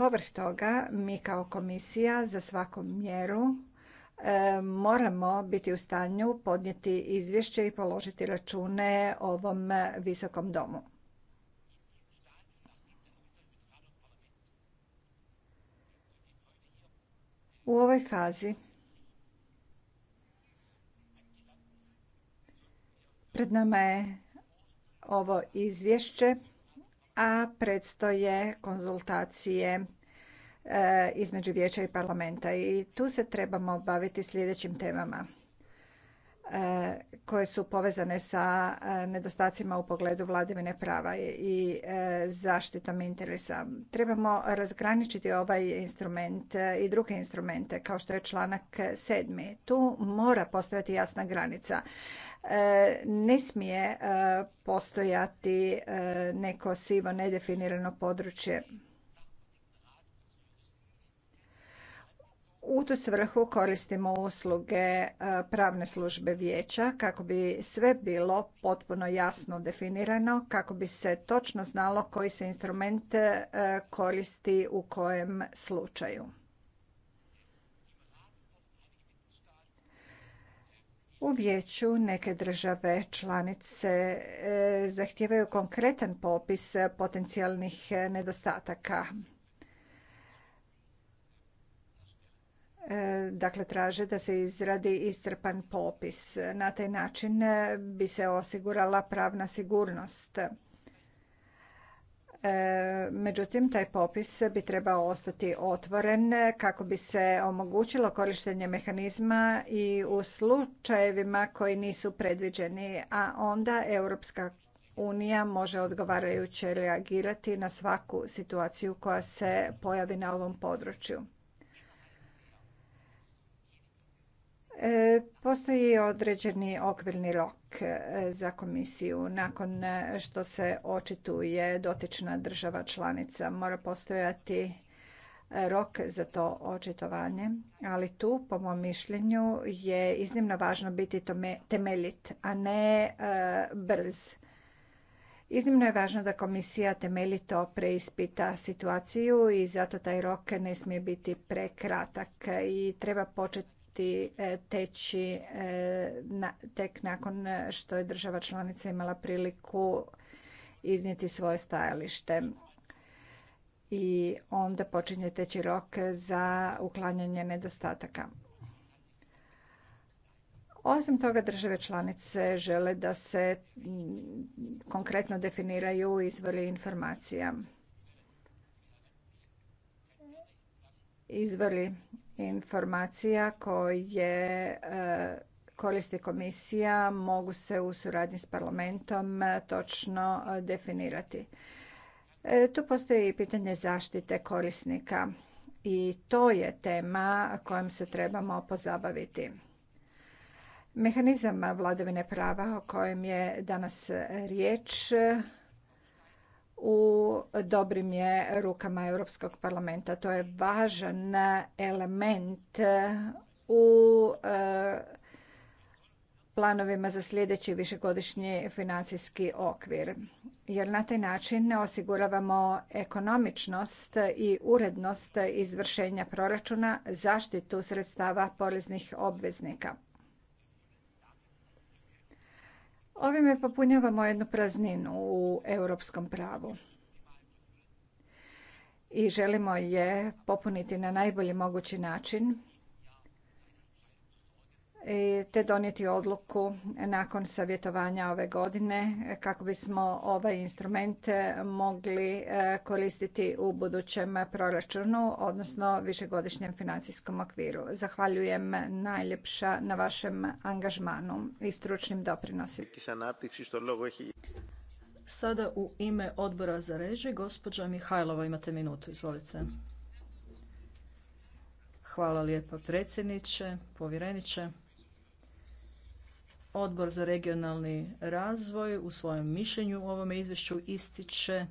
Povrh toga, mi kao komisija za svaku mjeru e, moramo biti u stanju podnijeti izvješće i položiti račune ovom visokom domu. U ovoj fazi pred nama je ovo izvješće a predstoje konzultacije e, između vijeća i parlamenta i tu se trebamo baviti sljedećim temama koje su povezane sa e, nedostacima u pogledu vladavine prava i e, zaštitom interesa. Trebamo razgraničiti ovaj instrument e, i druge instrumente kao što je članak sedmi. Tu mora postojati jasna granica. Ne smije postojati neko sivo nedefinirano područje U tu svrhu koristimo usluge e, pravne službe vijeća kako bi sve bilo potpuno jasno definirano, kako bi se točno znalo koji se instrument e, koristi u kojem slučaju. U vijeću neke države članice e, zahtijevaju konkretan popis potencijalnih nedostataka. E, dakle traže da se izradi iscrpan popis. Na taj način e, bi se osigurala pravna sigurnost. E, međutim, taj popis bi trebao ostati otvoren kako bi se omogućilo korištenje mehanizma i u slučajevima koji nisu predviđeni, a onda Europska unija može odgovarajuće reagirati na svaku situaciju koja se pojavi na ovom području. Postoji određeni okvirni rok e, za komisiju nakon e, što se očituje dotična država članica. Mora postojati e, rok za to očitovanje, ali tu, po mom mišljenju, je iznimno važno biti temeljit, a ne brz. Iznimno je važno da komisija temeljito preispita situaciju i zato taj rok ne smije biti prekratak i treba početi E, teći e, tek nakon što je država članica imala priliku iznijeti svoje stajalište i onda počinje teći rok za uklanjanje nedostataka. Osim toga, države članice žele da se mm, konkretno definiraju izvori informacija. Izvori informacija koje eh, koristi komisija mogu se u suradnji s parlamentom eh, točno eh, definirati. Tu postoji i pitanje zaštite korisnika i to je tema kojom se trebamo pozabaviti. Mehanizam vladavine prava o kojem je danas riječ u dobrim je rukama Europskog parlamenta. To je važan element u e, planovima za sljedeći višegodišnji financijski okvir. Jer na taj način osiguravamo ekonomičnost i urednost izvršenja proračuna, zaštitu sredstava poreznih obveznika. Ovime popunjavamo jednu prazninu u europskom pravu i želimo je popuniti na najbolji mogući način te donijeti odluku nakon savjetovanja ove godine kako bismo ove ovaj instrumente mogli e, koristiti u budućem proračunu, odnosno višegodišnjem financijskom okviru. Zahvaljujem najljepša na vašem angažmanu i stručnim doprinosima. Sada u ime odbora za reži, gospođa Mihajlova, imate minutu, izvolite. Hvala lijepa predsjedniče, povjereniče. Odbor za regionalni razvoj u svojem mišljenju u ovome izvješću ističe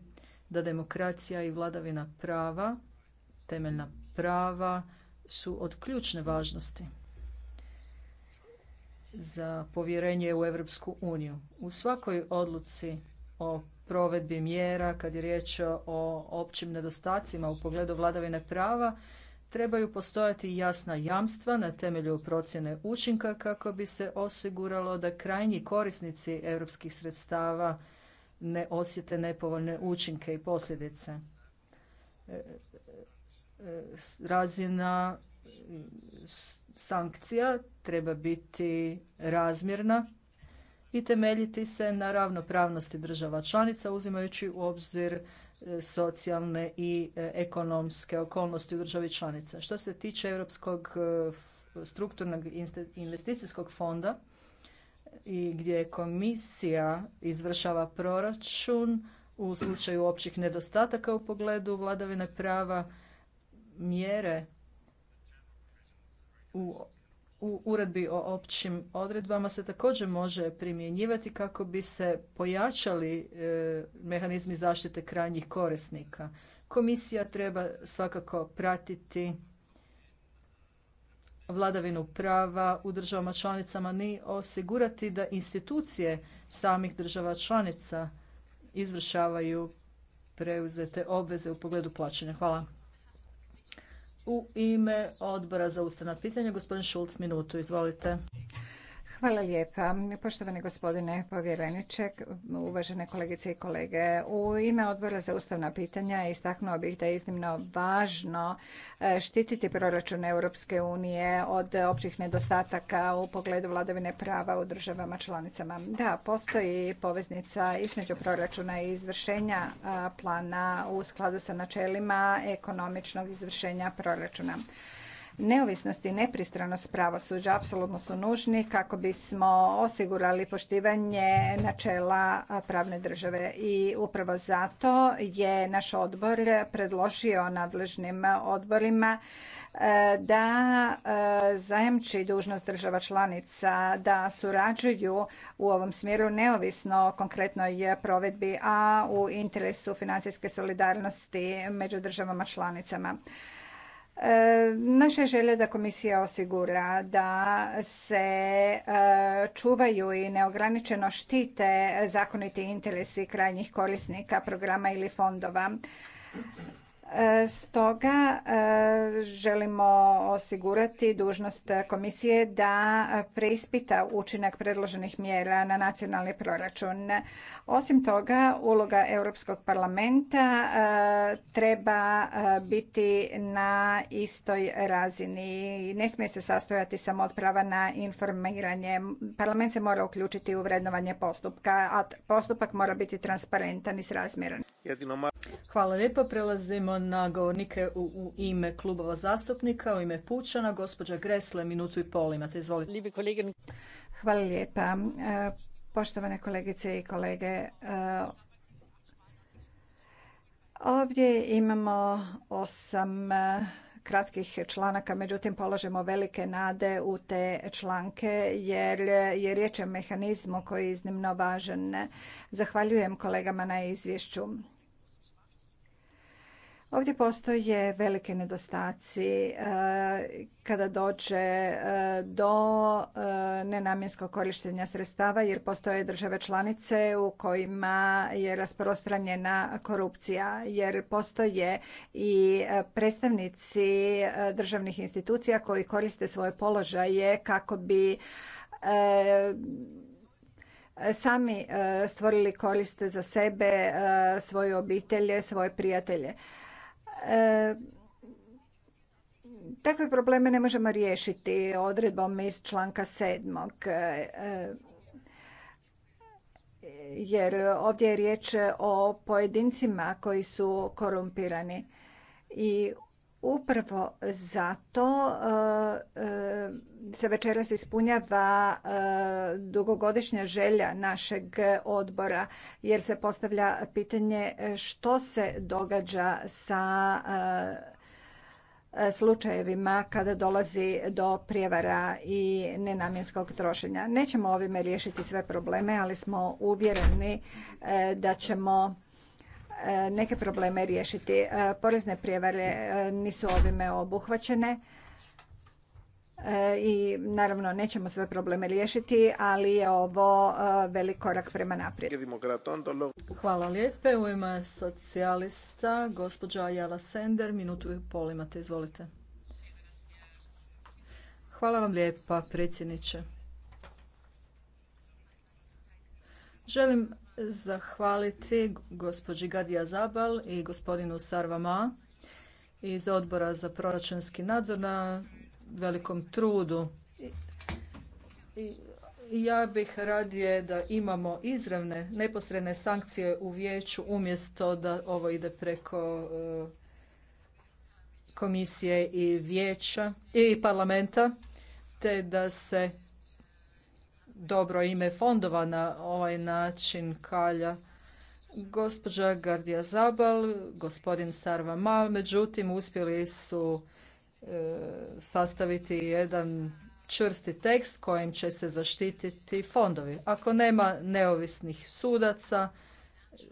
da demokracija i vladavina prava, temeljna prava su od ključne važnosti za povjerenje u Europsku uniju. U svakoj odluci o provedbi mjera kad je riječ o općim nedostacima u pogledu vladavine prava trebaju postojati jasna jamstva na temelju procjene učinka kako bi se osiguralo da krajnji korisnici europskih sredstava ne osjete nepovoljne učinke i posljedice. E, e, razina sankcija treba biti razmjerna i temeljiti se na ravnopravnosti država članica uzimajući u obzir socijalne i e, ekonomske okolnosti u državi članica. Što se tiče Europskog e, strukturnog investicijskog fonda e, i gdje komisija izvršava proračun u slučaju općih nedostataka u pogledu vladavine prava, mjere u u uredbi o općim odredbama se također može primjenjivati kako bi se pojačali e, mehanizmi zaštite krajnjih korisnika. Komisija treba svakako pratiti vladavinu prava u državama članicama ni osigurati da institucije samih država članica izvršavaju preuzete obveze u pogledu plaćanja. Hvala. U ime odbora za ustavna pitanja, gospodin Šulc, minutu, izvolite. Hvala lijepa. Poštovani gospodine povjereniče, uvažene kolegice i kolege. U ime Odbora za ustavna pitanja istaknuo bih da je iznimno važno e, štititi proračune Europske unije od općih nedostataka u pogledu vladavine prava u državama članicama. Da, postoji poveznica između proračuna i izvršenja e, plana u skladu sa načelima ekonomičnog izvršenja proračuna. Neovisnost i nepristranost pravosuđa apsolutno su nužni kako bismo osigurali poštivanje načela pravne države i upravo zato je naš odbor predložio nadležnim odborima e, da e, zajamči dužnost država članica da surađuju u ovom smjeru neovisno o konkretnoj provedbi, a u interesu financijske solidarnosti među državama članicama. Naše želje da komisija osigura da se e, čuvaju i neograničeno štite zakoniti interesi krajnjih korisnika programa ili fondova E, stoga e, želimo osigurati dužnost komisije da preispita učinak predloženih mjera na nacionalni proračun. Osim toga, uloga Europskog parlamenta e, treba biti na istoj razini. Ne smije se sastojati samo od prava na informiranje. Parlament se mora uključiti u vrednovanje postupka, a postupak mora biti transparentan i srazmjeran. Hvala lijepa. Prelazimo na govornike u, ime klubova zastupnika, u ime Pučana. Gospođa Gresle, minutu i pol imate. Izvolite. Hvala lijepa. E, poštovane kolegice i kolege, e, ovdje imamo osam e, kratkih članaka, međutim položemo velike nade u te članke jer je riječ o mehanizmu koji je iznimno važan. Zahvaljujem kolegama na izvješću. Ovdje postoje velike nedostaci e, kada dođe e, do e, nenamjenskog korištenja sredstava jer postoje države članice u kojima je rasprostranjena korupcija jer postoje i predstavnici državnih institucija koji koriste svoje položaje kako bi sami stvorili koriste za sebe, svoje obitelje, svoje prijatelje. E, takve probleme ne možemo riješiti odredbom iz članka sedmog e, jer ovdje je riječ o pojedincima koji su korumpirani i Upravo zato e, e, se večeras ispunjava e, dugogodišnja želja našeg odbora jer se postavlja pitanje što se događa sa slučajevima kada dolazi do prijevara i nenamjenskog trošenja. Nećemo ovime riješiti sve probleme, ali smo uvjereni da ćemo E, neke probleme riješiti. E, porezne prijevare e, nisu ovime obuhvaćene i naravno nećemo sve probleme riješiti, ali je ovo velik korak prema naprijed. Hvala lijepe. U ime socijalista, gospođa Ajala Sender, minutu i pol imate, izvolite. Hvala vam lijepa, predsjedniče. Želim zahvaliti gospođi Gadija Zabal i gospodinu Sarvama iz odbora za proračunski nadzor na velikom trudu. ja bih radije da imamo izravne, neposredne sankcije u vijeću umjesto da ovo ide preko e, komisije i vijeća i parlamenta te da se dobro ime fondova na ovaj način kalja. Gospođa Gardija Zabal, gospodin ma međutim uspjeli su e, sastaviti jedan čvrsti tekst kojim će se zaštititi fondovi. Ako nema neovisnih sudaca,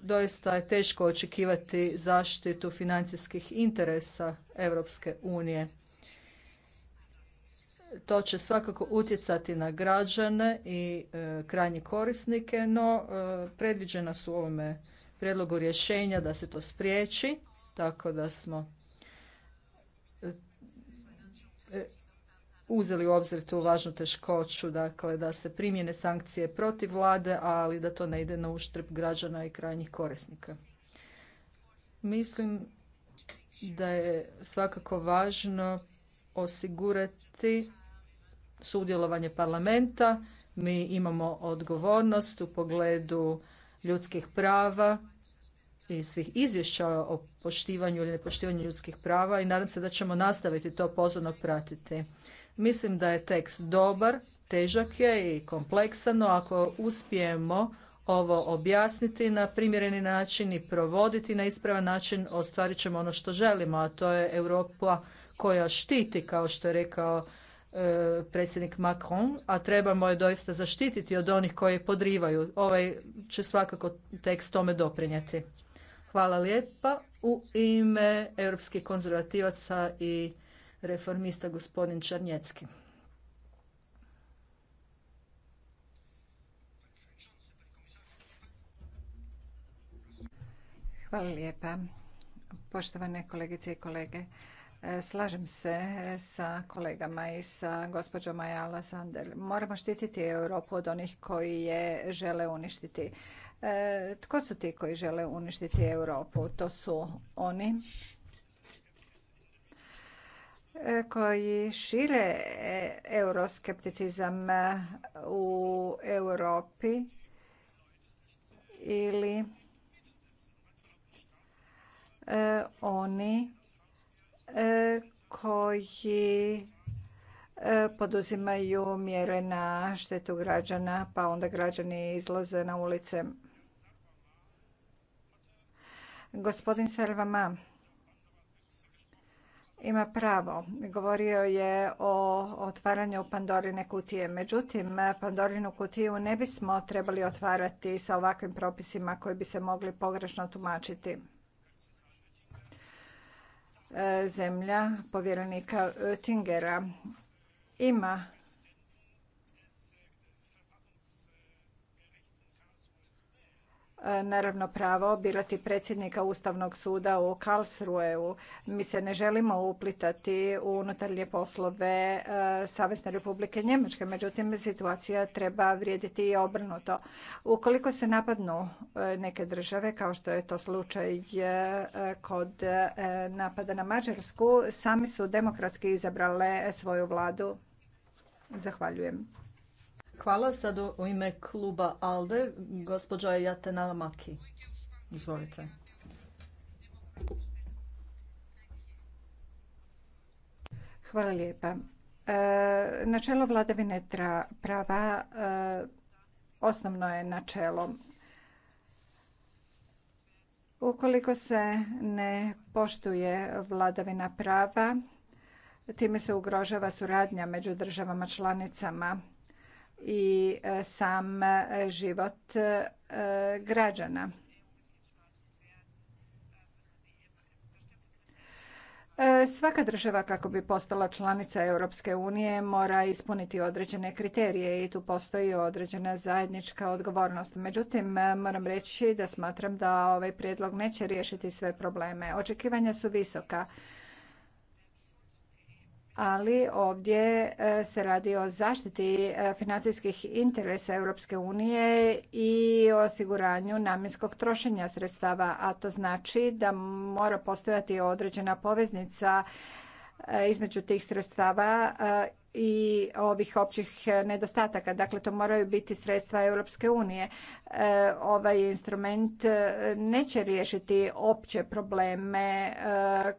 doista je teško očekivati zaštitu financijskih interesa Europske unije to će svakako utjecati na građane i e, krajnje korisnike, no e, predviđena su u ovome prijedlogu rješenja da se to spriječi, tako da smo e, uzeli u obzir tu važnu teškoću, dakle da se primjene sankcije protiv vlade, ali da to ne ide na uštrb građana i krajnjih korisnika. Mislim da je svakako važno osigurati sudjelovanje parlamenta. Mi imamo odgovornost u pogledu ljudskih prava i svih izvješća o poštivanju ili nepoštivanju ljudskih prava i nadam se da ćemo nastaviti to pozorno pratiti. Mislim da je tekst dobar, težak je i kompleksan, no ako uspijemo ovo objasniti na primjereni način i provoditi na ispravan način, ostvarit ćemo ono što želimo, a to je Europa koja štiti, kao što je rekao e, predsjednik Macron, a trebamo je doista zaštititi od onih koji je podrivaju. Ovaj će svakako tekst tome doprinijeti. Hvala lijepa. U ime europskih konzervativaca i reformista gospodin Čarnjecki. Hvala lijepa. Poštovane kolegice i kolege, E, slažem se e, sa kolegama i sa gospođom Ayala Sander. Moramo štititi Europu od onih koji je žele uništiti. E, tko su ti koji žele uništiti Europu? To su oni koji šire euroskepticizam u Europi ili oni E, koji e, poduzimaju mjere na štetu građana, pa onda građani izlaze na ulice. Gospodin Servama ima pravo. Govorio je o otvaranju Pandorine kutije. Međutim, Pandorinu kutiju ne bismo trebali otvarati sa ovakvim propisima koji bi se mogli pogrešno tumačiti. E, zemlja povjerenika Oettingera ima E, naravno pravo birati predsjednika Ustavnog suda u Karlsruheu Mi se ne želimo uplitati u unutarnje poslove e, Savezne republike Njemačke, međutim situacija treba vrijediti i obrnuto. Ukoliko se napadnu e, neke države, kao što je to slučaj kod napada na Mađarsku, sami su demokratski izabrale svoju vladu. Zahvaljujem. Hvala. sada u ime kluba ALDE, gospođo Jatena Maki. Izvolite. Hvala lijepa. E, načelo vladavine prava e, osnovno je načelo. Ukoliko se ne poštuje vladavina prava, time se ugrožava suradnja među državama članicama i e, sam e, život e, građana. Svaka država kako bi postala članica Europske unije mora ispuniti određene kriterije i tu postoji određena zajednička odgovornost. Međutim, moram reći da smatram da ovaj prijedlog neće riješiti sve probleme. Očekivanja su visoka ali ovdje e, se radi o zaštiti e, financijskih interesa Europske unije i osiguranju namjenskog trošenja sredstava, a to znači da mora postojati određena poveznica e, između tih sredstava i ovih općih nedostataka. Dakle, to moraju biti sredstva Europske unije. Ovaj instrument neće riješiti opće probleme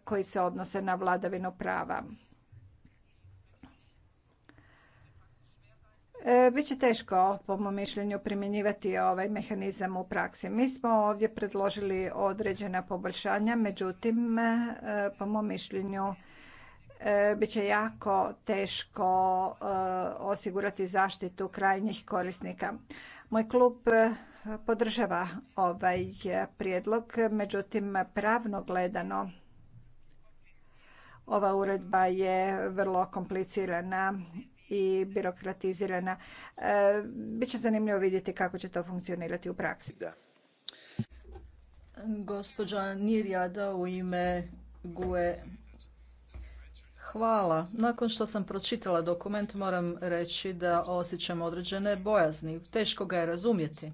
koji se odnose na vladavinu prava. E, Biće teško, po mom mišljenju, primjenjivati ovaj mehanizam u praksi. Mi smo ovdje predložili određena poboljšanja, međutim, e, po mom mišljenju, e, bit će jako teško osigurati zaštitu krajnjih korisnika. Moj klub podržava ovaj prijedlog, međutim, pravno gledano, ova uredba je vrlo komplicirana i birokratizirana. E, Biće zanimljivo vidjeti kako će to funkcionirati u praksi. Gospođa Nirjada u ime GUE. Hvala. Nakon što sam pročitala dokument moram reći da osjećam određene bojazni. Teško ga je razumjeti.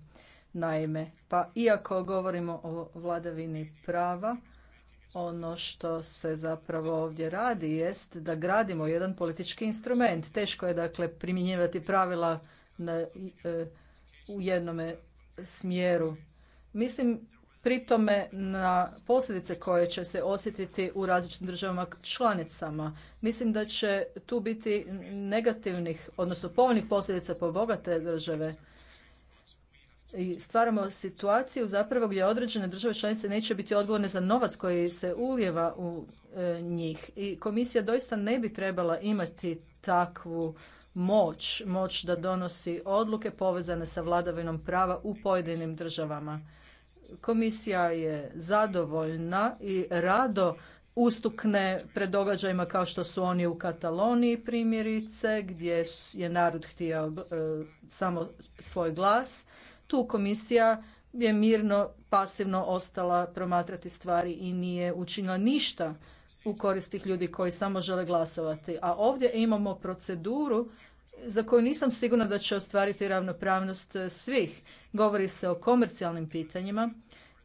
Naime, pa iako govorimo o vladavini prava, ono što se zapravo ovdje radi jest da gradimo jedan politički instrument. Teško je dakle primjenjivati pravila na, e, u jednome smjeru. Mislim pri tome na posljedice koje će se osjetiti u različitim državama članicama. Mislim da će tu biti negativnih, odnosno povoljnih posljedica po bogate države i stvaramo situaciju zapravo gdje određene države članice neće biti odgovorne za novac koji se ulijeva u e, njih. I komisija doista ne bi trebala imati takvu moć, moć da donosi odluke povezane sa vladavinom prava u pojedinim državama. Komisija je zadovoljna i rado ustukne pred događajima kao što su oni u Kataloniji primjerice, gdje je narod htio e, samo svoj glas tu komisija je mirno, pasivno ostala promatrati stvari i nije učinila ništa u korist tih ljudi koji samo žele glasovati. A ovdje imamo proceduru za koju nisam sigurna da će ostvariti ravnopravnost e, svih. Govori se o komercijalnim pitanjima.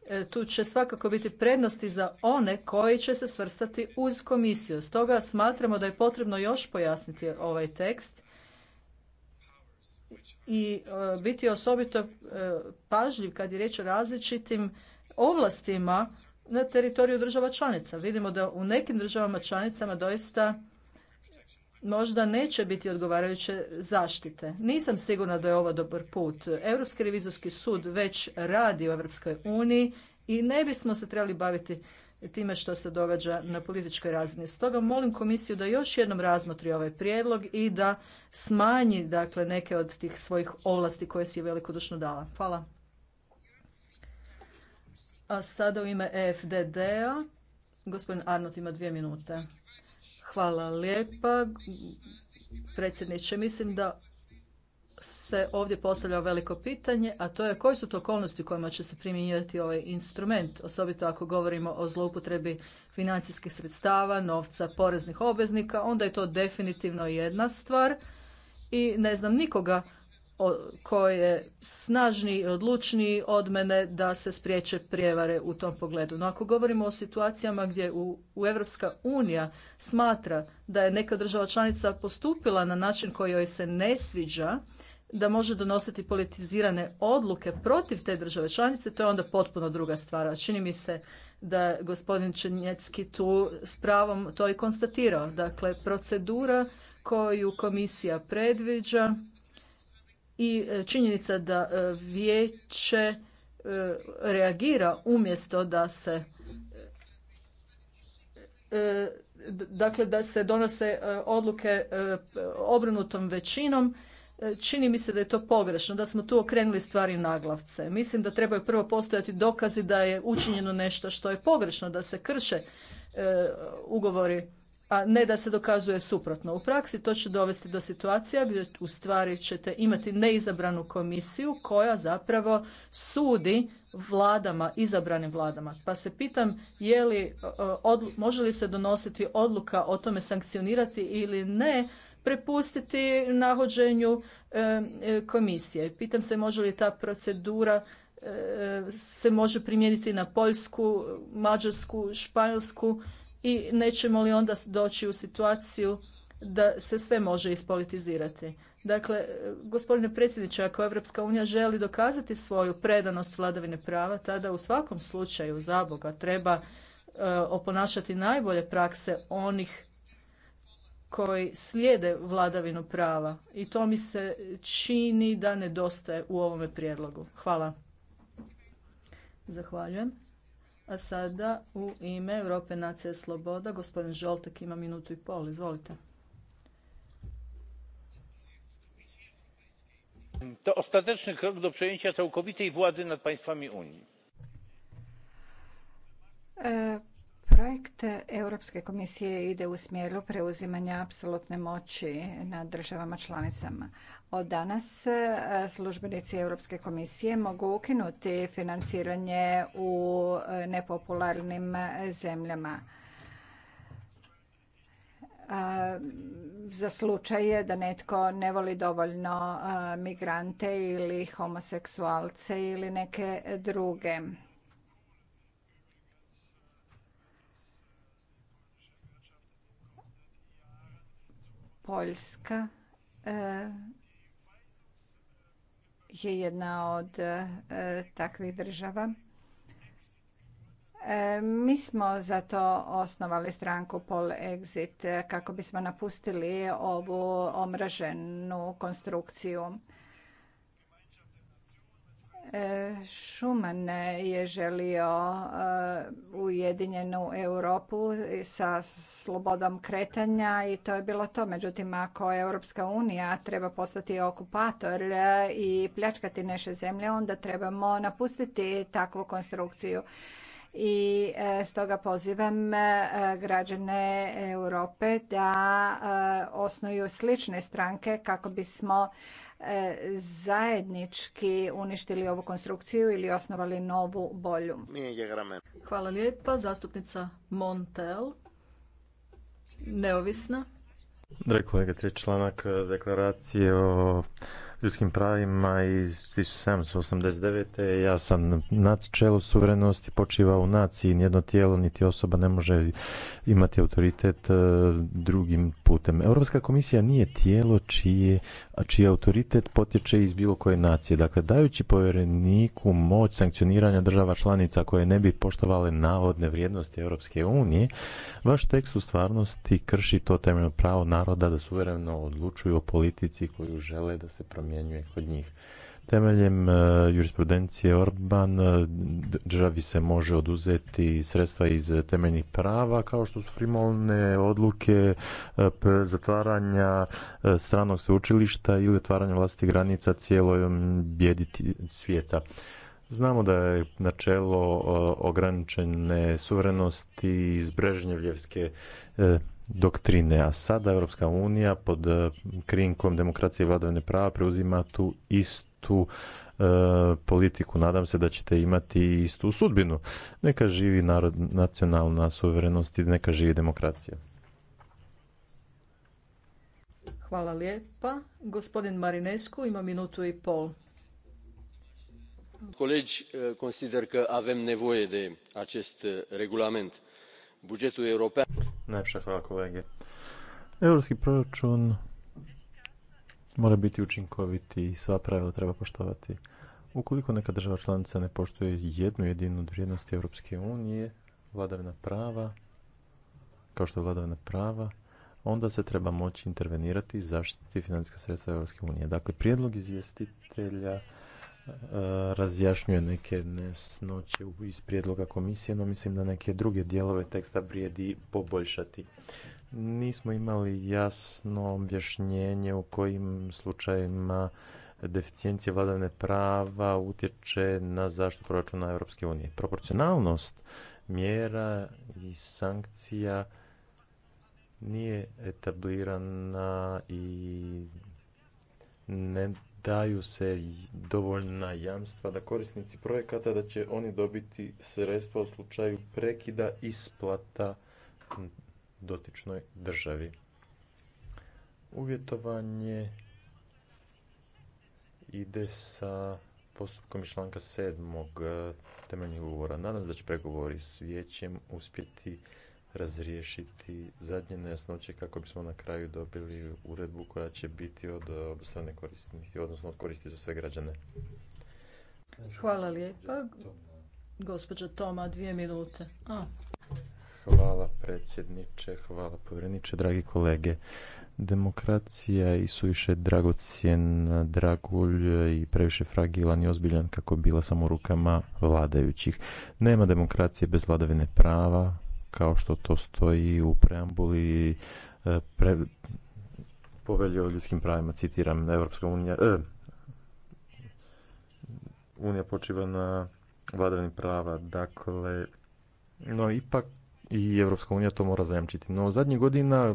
E, tu će svakako biti prednosti za one koji će se svrstati uz komisiju. Stoga smatramo da je potrebno još pojasniti ovaj tekst i e, biti osobito e, pažljiv kad je riječ o različitim ovlastima na teritoriju država članica. Vidimo da u nekim državama članicama doista možda neće biti odgovarajuće zaštite. Nisam sigurna da je ovo dobar put. Europski revizorski sud već radi u Europskoj uniji i ne bismo se trebali baviti time što se događa na političkoj razini. Stoga molim komisiju da još jednom razmotri ovaj prijedlog i da smanji dakle, neke od tih svojih ovlasti koje si je velikodušno dala. Hvala. A sada u ime EFDD-a gospodin Arnot ima dvije minute. Hvala lijepa predsjedniče. Mislim da se ovdje postavlja veliko pitanje, a to je koje su to okolnosti kojima će se primjenjivati ovaj instrument, osobito ako govorimo o zloupotrebi financijskih sredstava, novca, poreznih obveznika, onda je to definitivno jedna stvar i ne znam nikoga koji je snažniji i odlučniji od mene da se spriječe prijevare u tom pogledu. No ako govorimo o situacijama gdje u, u unija smatra da je neka država članica postupila na način koji joj se ne sviđa, da može donositi politizirane odluke protiv te države članice, to je onda potpuno druga stvar. A čini mi se da je gospodin Čenjecki tu s pravom to i konstatirao. Dakle, procedura koju komisija predviđa i e, činjenica da e, vijeće e, reagira umjesto da se dakle da se donose odluke obrnutom većinom čini mi se da je to pogrešno, da smo tu okrenuli stvari naglavce. Mislim da trebaju prvo postojati dokazi da je učinjeno nešto što je pogrešno, da se krše e, ugovori, a ne da se dokazuje suprotno. U praksi to će dovesti do situacija gdje u stvari ćete imati neizabranu komisiju koja zapravo sudi vladama, izabranim vladama. Pa se pitam je li, e, može li se donositi odluka o tome sankcionirati ili ne, prepustiti nahođenju e, e, komisije. Pitam se može li ta procedura e, se može primijeniti na Poljsku, Mađarsku, Španjolsku i nećemo li onda doći u situaciju da se sve može ispolitizirati. Dakle, gospodine predsjedniče, ako Europska unija želi dokazati svoju predanost vladavine prava, tada u svakom slučaju zaboga treba oponašati najbolje prakse onih koji slijede vladavinu prava i to mi se čini da nedostaje u ovome prijedlogu. Hvala. Zahvaljujem. A sada u ime Europe nacija sloboda gospodin Žoltek ima minutu i pol. Izvolite. To ostateczny krok do przejęcia całkowitej władzy nad państwami Unii. E, Projekt Europske komisije ide u smjeru preuzimanja apsolutne moći nad državama članicama. Od danas e, službenici Europske komisije mogu ukinuti financiranje u e, nepopularnim zemljama za slučaj da netko ne voli dovoljno migrante ili homoseksualce ili neke druge Poljska e, je jedna od e, takvih država. E, mi smo zato osnovali stranku Pol Exit kako bismo napustili ovu omraženu konstrukciju. E, Šuman je želio e, ujedinjenu Europu sa slobodom kretanja i to je bilo to. Međutim, ako Europska unija treba postati okupator e, i pljačkati naše zemlje, onda trebamo napustiti takvu konstrukciju i stoga pozivam građane Europe da osnuju slične stranke kako bismo E, zajednički uništili ovu konstrukciju ili osnovali novu, bolju. Hvala lijepa. Zastupnica Montel, neovisna. Dragi kolega, treći članak e, deklaracije o ljudskim pravima iz 1789. Ja sam nac, čelo suverenosti počiva u naciji. Nijedno tijelo niti osoba ne može imati autoritet e, drugim putem. Europska komisija nije tijelo čije, čiji autoritet potječe iz bilo koje nacije. Dakle, dajući povjereniku moć sankcioniranja država članica koje ne bi poštovale navodne vrijednosti Europske unije, vaš tekst u stvarnosti krši to temeljno pravo naroda da suvereno odlučuju o politici koju žele da se promijeni primjenjuje kod njih. Temeljem e, jurisprudencije Orban e, državi se može oduzeti sredstva iz temeljnih prava kao što su frimolne odluke e, zatvaranja stranog sveučilišta ili otvaranja vlastitih granica cijeloj bjediti svijeta. Znamo da je načelo ograničene suverenosti iz Brežnjevljevske doktrine, a sada Europska unija pod eh, krinkom demokracije i vladavine prava preuzima tu istu eh, politiku. Nadam se da ćete imati istu sudbinu. Neka živi narod, nacionalna suverenost i neka živi demokracija. Hvala lijepa. Gospodin Marinescu ima minutu i pol. Colegi, eh, consider că avem nevoie de acest regulament budžetu Europe. Najpša hvala kolege. Europski proračun mora biti učinkovit i sva pravila treba poštovati. Ukoliko neka država članica ne poštuje jednu jedinu od vrijednosti Europske unije, vladavina prava, kao što je vladavina prava, onda se treba moći intervenirati i zaštititi financijska sredstva Europske unije. Dakle, prijedlog izvjestitelja E, razjašnjuje neke nesnoće iz prijedloga komisije, no mislim da neke druge dijelove teksta vrijedi poboljšati. Nismo imali jasno objašnjenje u kojim slučajevima deficijencije vladavne prava utječe na zaštitu proračuna Europske unije. Proporcionalnost mjera i sankcija nije etablirana i ne daju se dovoljna jamstva da korisnici projekata da će oni dobiti sredstva u slučaju prekida isplata dotičnoj državi. Uvjetovanje ide sa postupkom iz članka 7. uvora. Eh, ugovora. Nadam se da će pregovori s vijećem uspjeti razriješiti zadnje nejasnoće kako bismo na kraju dobili uredbu koja će biti od eh, obostrane koristi, odnosno od koristi za sve građane. Hvala lijepa. Gospođa Toma, dvije minute. Hvala predsjedniče, hvala povjereniče, dragi kolege. Demokracija je suviše dragocjen, dragulj i previše fragilan i ozbiljan kako bila samo rukama vladajućih. Nema demokracije bez vladavine prava, kao što to stoji u preambuli e, pre, povelje o ljudskim pravima, citiram, na unija, e, unija počiva na vladavnim prava, dakle, no ipak i Evropska unija to mora zajamčiti. No zadnjih godina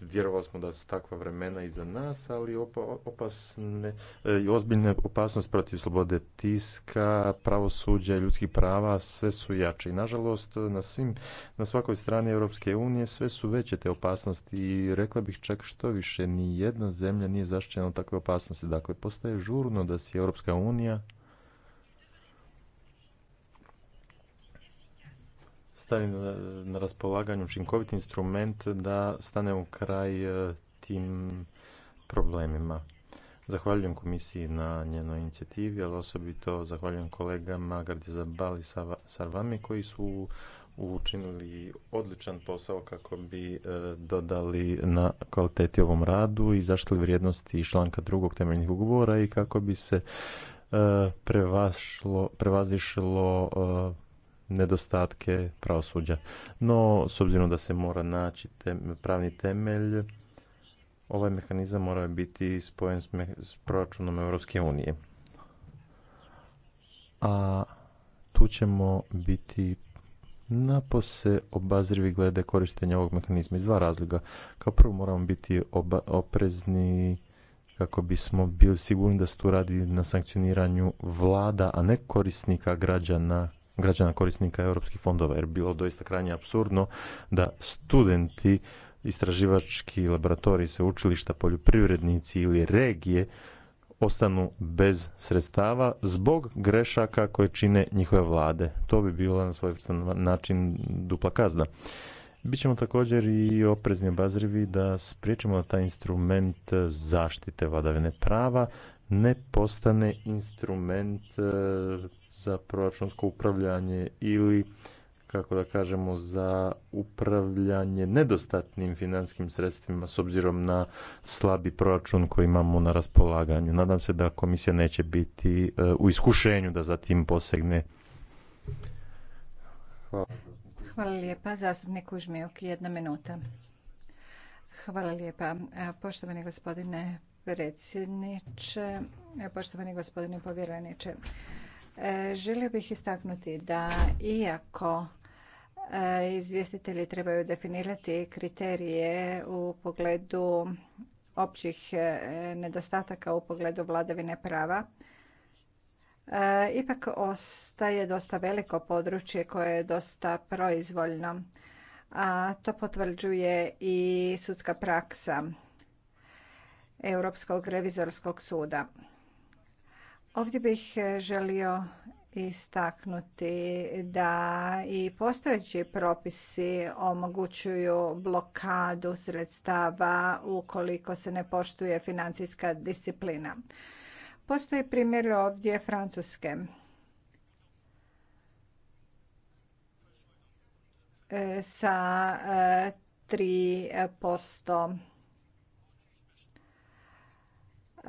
Vjerovali smo da su takva vremena iza nas, ali opasne e, i ozbiljne opasnost protiv slobode tiska, pravosuđa i ljudskih prava sve su jače. I nažalost, na, svim, na svakoj strani Europske unije sve su veće te opasnosti i rekla bih čak što više, ni jedna zemlja nije zaštićena od takve opasnosti. Dakle, postaje žurno da si Europska unija stavi na raspolaganju učinkovit instrument da stane u kraj e, tim problemima. Zahvaljujem komisiji na njenoj inicijativi, ali osobito zahvaljujem kolegama Gardi Zabal Sarvami koji su učinili odličan posao kako bi e, dodali na kvaliteti ovom radu i zaštili vrijednosti članka drugog temeljnih ugovora i kako bi se e, prevašlo, prevazišlo nedostatke pravosuđa. No, s obzirom da se mora naći tem, pravni temelj, ovaj mehanizam mora biti spojen s, me, proračunom Europske unije. A tu ćemo biti napose obazrivi glede korištenja ovog mehanizma iz dva razloga. Kao prvo moramo biti oprezni kako bismo bili sigurni da se tu radi na sankcioniranju vlada, a ne korisnika građana građana korisnika europskih fondova jer bilo doista krajnje apsurdno da studenti istraživački laboratoriji sveučilišta poljoprivrednici ili regije ostanu bez sredstava zbog grešaka koje čine njihove vlade. To bi bilo na svoj način dupla kazna. Bićemo također i oprezni obazrivi da spriječimo da taj instrument zaštite vladavine prava ne postane instrument eh, za proračunsko upravljanje ili kako da kažemo za upravljanje nedostatnim financijskim sredstvima s obzirom na slabi proračun koji imamo na raspolaganju. Nadam se da komisija neće biti e, u iskušenju da za tim posegne. Hvala. Hvala lijepa. Zastupnik Kužmijok, jedna minuta. Hvala lijepa. E, poštovani gospodine predsjedniče, e, poštovani gospodine povjereniče. Želio bih istaknuti da iako e, izvjestitelji trebaju definirati kriterije u pogledu općih e, nedostataka u pogledu vladavine prava, e, ipak ostaje dosta veliko područje koje je dosta proizvoljno, a to potvrđuje i sudska praksa Europskog revizorskog suda. Ovdje bih e, želio istaknuti da i postojeći propisi omogućuju blokadu sredstava ukoliko se ne poštuje financijska disciplina. Postoji primjer ovdje Francuske. E, sa 3% e,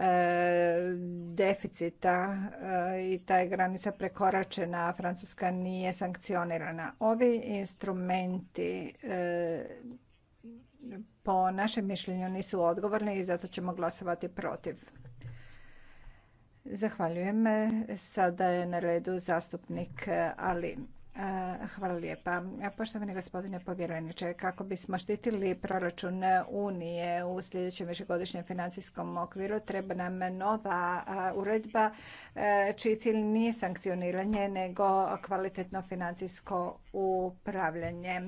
E, deficita e, i ta je granica prekoračena, a Francuska nije sankcionirana. Ovi instrumenti e, po našem mišljenju nisu odgovorni i zato ćemo glasovati protiv. Zahvaljujem. Sada je na redu zastupnik Ali. Hvala lijepa. Poštovani gospodine povjereniče, kako bismo štitili proračun Unije u sljedećem višegodišnjem financijskom okviru, treba nam nova uredba e, čiji cilj nije sankcioniranje, nego kvalitetno financijsko upravljanje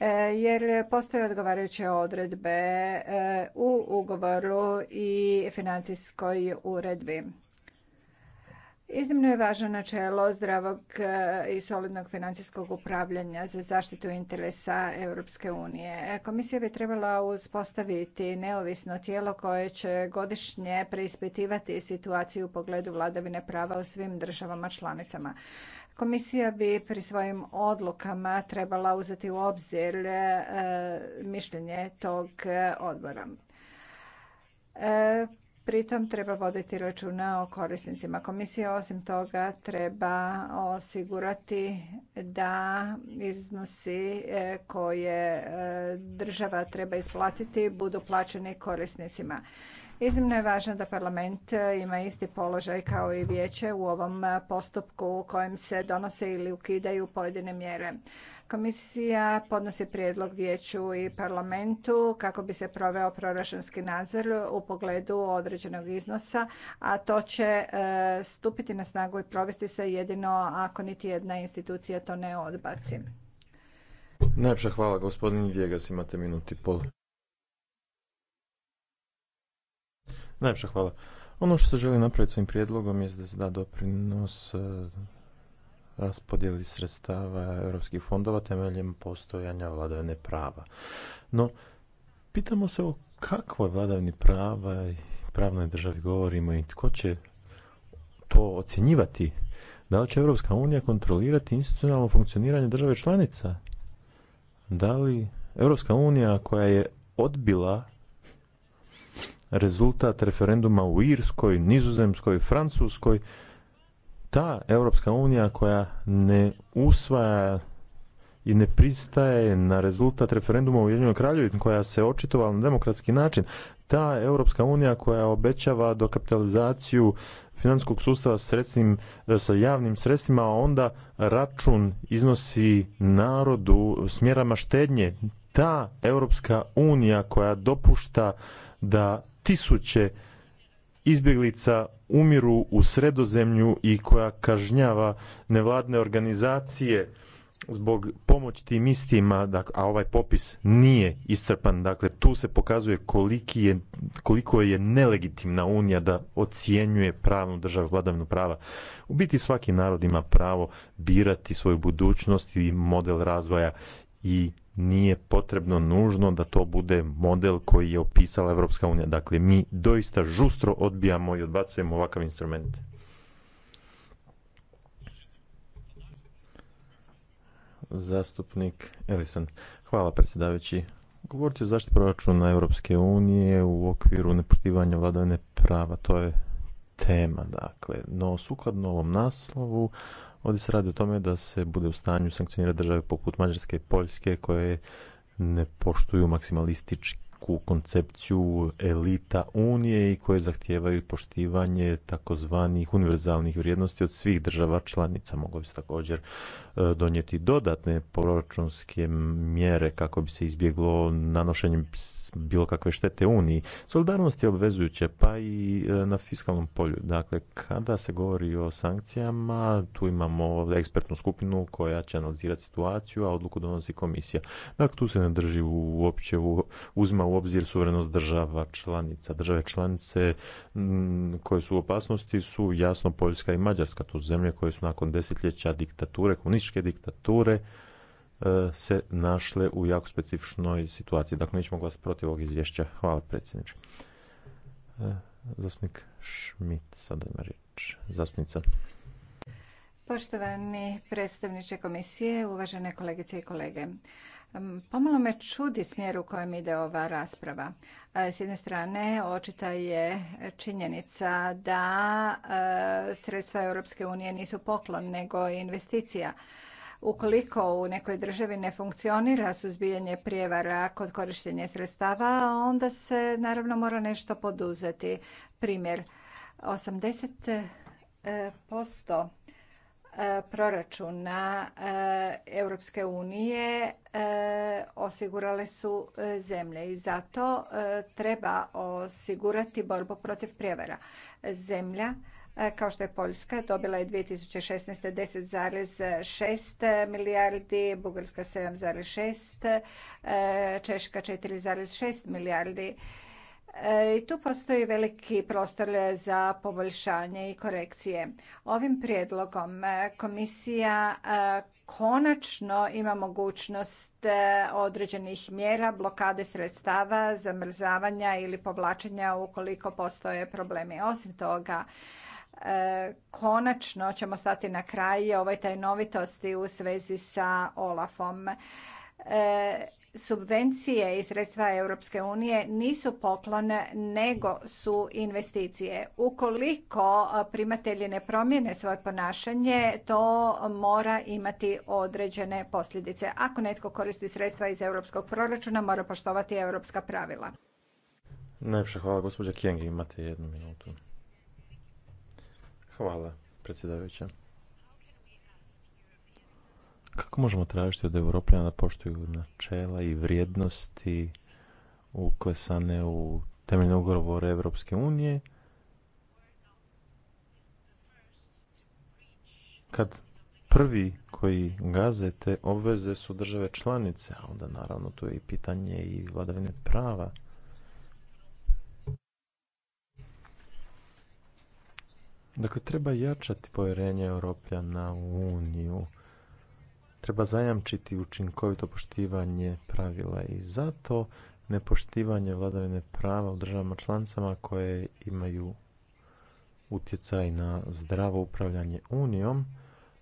e, jer postoje odgovarajuće odredbe e, u ugovoru i financijskoj uredbi. Iznimno je važno načelo zdravog e, i solidnog financijskog upravljanja za zaštitu interesa Europske unije. E, komisija bi trebala uspostaviti neovisno tijelo koje će godišnje preispitivati situaciju u pogledu vladavine prava u svim državama članicama. Komisija bi pri svojim odlukama trebala uzeti u obzir e, mišljenje tog odbora. Pritom treba voditi računa o korisnicima. komisije. osim toga treba osigurati da iznosi e, koje e, država treba isplatiti budu plaćeni korisnicima. Iznimno je važno da parlament e, ima isti položaj kao i vijeće u ovom postupku u kojem se donose ili ukidaju pojedine mjere. Komisija podnosi prijedlog vijeću i parlamentu kako bi se proveo proračunski nadzor u pogledu određenog iznosa, a to će e, stupiti na snagu i provesti se jedino ako niti jedna institucija to ne odbaci. Najpša hvala gospodin Vjegas, imate minuti pol. Najpša hvala. Ono što se želi napraviti svojim prijedlogom je da se da doprinos e, raspodjeli sredstava europskih fondova temeljem postojanja vladavine prava. No, pitamo se o kakvoj vladavini prava i pravnoj državi govorimo i tko će to ocjenjivati? Da li će Europska unija kontrolirati institucionalno funkcioniranje države članica? Da li Europska unija koja je odbila rezultat referenduma u Irskoj, Nizozemskoj, Francuskoj, ta Europska unija koja ne usvaja i ne pristaje na rezultat referenduma u Ujedinjenoj Kraljevini koja se očitovala na demokratski način, ta Europska unija koja obećava dokapitalizaciju financijskog sustava sredstvim, e, sa javnim sredstvima, a onda račun iznosi narodu s mjerama štednje. Ta Europska unija koja dopušta da tisuće izbjeglica umiru u sredozemlju i koja kažnjava nevladne organizacije zbog pomoći tim istima, dakle, a ovaj popis nije istrpan, dakle tu se pokazuje koliki je, koliko je nelegitimna Unija da ocjenjuje pravnu državu, vladavnu prava. U biti svaki narod ima pravo birati svoju budućnost i model razvoja i nije potrebno nužno da to bude model koji je opisala Europska unija. Dakle, mi doista žustro odbijamo i odbacujemo ovakav instrument. Zastupnik Elisan, Hvala predsjedavajući. Govoriti o zaštiti proračuna Europske unije u okviru nepoštivanja vladavine prava, to je tema, dakle. No, sukladno ovom naslovu, Ovdje se radi o tome da se bude u stanju sankcionirati države poput Mađarske i Poljske koje ne poštuju maksimalistički u koncepciju elita Unije i koje zahtijevaju poštivanje takozvanih univerzalnih vrijednosti od svih država članica. Moglo bi se također e, donijeti dodatne proračunske mjere kako bi se izbjeglo nanošenje bilo kakve štete Uniji. Solidarnost je obvezujuća, pa i e, na fiskalnom polju. Dakle, kada se govori o sankcijama, tu imamo ekspertnu skupinu koja će analizirati situaciju, a odluku donosi komisija. Dakle, tu se ne drži uopće uzima u obzir suverenost država članica. Države članice koje su u opasnosti su jasno Poljska i Mađarska. To su zemlje koje su nakon desetljeća diktature, komunističke diktature, e, se našle u jako specifičnoj situaciji. Dakle, nećemo glas protiv ovog izvješća. Hvala predsjedniče. E, Zasnik Šmit, sada ima riječ. Zasnica. Poštovani predstavniče komisije, uvažene kolegice i kolege. Pomalo me čudi smjer u kojem ide ova rasprava. S jedne strane, očita je činjenica da e, sredstva Europske unije nisu poklon, nego investicija. Ukoliko u nekoj državi ne funkcionira suzbijanje prijevara kod korištenja sredstava, onda se naravno mora nešto poduzeti. Primjer, 80% E, proračuna e, Europske unije e, osigurale su zemlje i zato treba osigurati borbu protiv prijevara. Zemlja kao što je Poljska dobila je 2016. 10,6 milijardi, Bugarska 7,6, Češka 4,6 milijardi E, I tu postoji veliki prostor za poboljšanje i korekcije. Ovim prijedlogom e, komisija e, konačno ima mogućnost određenih mjera, blokade sredstava, zamrzavanja ili povlačenja ukoliko postoje problemi. Osim toga, konačno ćemo stati na kraj ovoj tajnovitosti u svezi sa Olafom subvencije i sredstva Europske unije nisu poklon nego su investicije. Ukoliko primatelji ne promijene svoje ponašanje, to mora imati određene posljedice. Ako netko koristi sredstva iz europskog proračuna, mora poštovati europska pravila. Najpša hvala, gospođa Kjeng, imate jednu minutu. Hvala, predsjedavajuća. Kako možemo tražiti od Europljana da poštuju načela i vrijednosti uklesane u temeljne ugovore Europske unije kad prvi koji gaze te obveze su države članice, a onda naravno tu je i pitanje i vladavine prava. Dakle, treba jačati povjerenje Europljana u Uniju treba zajamčiti učinkovito poštivanje pravila i zato nepoštivanje vladavine prava u državama članicama koje imaju utjecaj na zdravo upravljanje unijom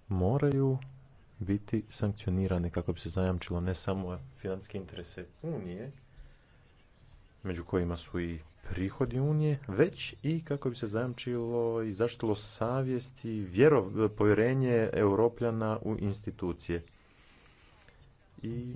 moraju biti sankcionirane kako bi se zajamčilo ne samo financijske interese unije među kojima su i prihodi unije, već i kako bi se zajamčilo i zaštilo savjest i vjero, povjerenje europljana u institucije. I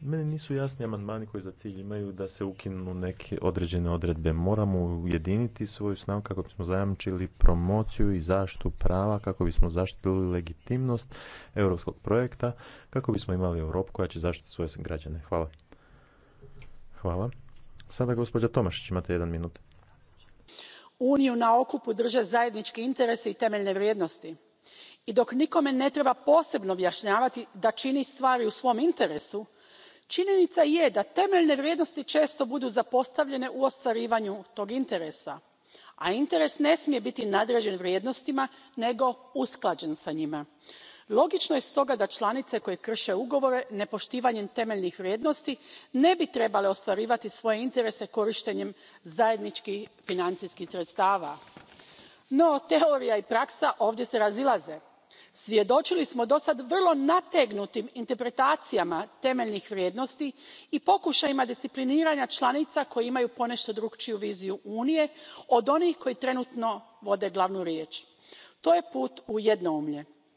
meni nisu jasni amandmani koji za cilj imaju da se ukinu neke određene odredbe. Moramo ujediniti svoju snagu kako bismo zajamčili promociju i zaštitu prava, kako bismo zaštitili legitimnost europskog projekta, kako bismo imali Europu koja će zaštiti svoje građane. Hvala. Hvala. Sada gospođa Tomašić, imate jedan minut. Uniju na okupu drže zajednički interese i temeljne vrijednosti. I dok nikome ne treba posebno objašnjavati da čini stvari u svom interesu, činjenica je da temeljne vrijednosti često budu zapostavljene u ostvarivanju tog interesa. A interes ne smije biti nadređen vrijednostima nego usklađen sa njima. Logično je stoga da članice koje krše ugovore nepoštivanjem temeljnih vrijednosti ne bi trebale ostvarivati svoje interese korištenjem zajedničkih financijskih sredstava. no teorija i praksa ovdje se razilaze. Svjedočili smo dosad vrlo nategnutim interpretacijama temeljnih vrijednosti i pokušajima discipliniranja članica koje imaju ponešto drukčiju viziju unije od onih koji trenutno vode glavnu riječ. to je put u jednoumlje.